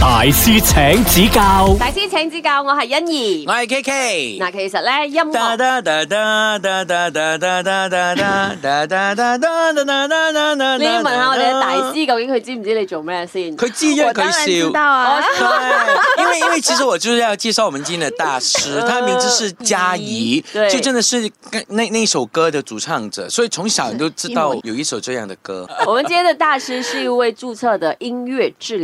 大師請指教，大師請指教，我係欣怡，我係 K K。嗱，其實呢音樂，你要問下我哋嘅大師 究竟佢知唔知你做咩先？佢知若佢、啊、笑。因為因為其實我就是要介紹我們今天嘅大師，佢名字係佳儀，就真的是那那首歌嘅主唱者，所以從小都知道有一首這樣的歌。 我們今天嘅大師是一位注冊嘅音樂治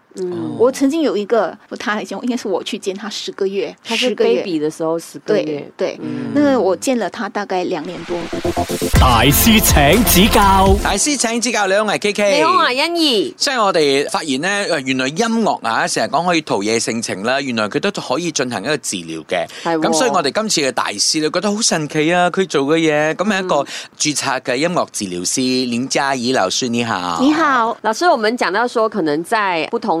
嗯哦、我曾經有一個，他嚟講，應該是我去見他十個月，他是 baby 的時候十個月，對，對，嗯、那個、我見了他大概兩年多。大師請指教，大師請指教，你好，我係 K K，你好，我係欣怡。即係我哋發現呢，原來音樂啊，成日講可以陶冶性情啦，原來佢都可以進行一個治療嘅。咁、哎、所以我哋今次嘅大師咧，覺得好神奇啊，佢做嘅嘢，咁係一個注冊嘅音樂治療師、嗯、林佳儀老師，你好，你好，老師，我們講到說可能在不同。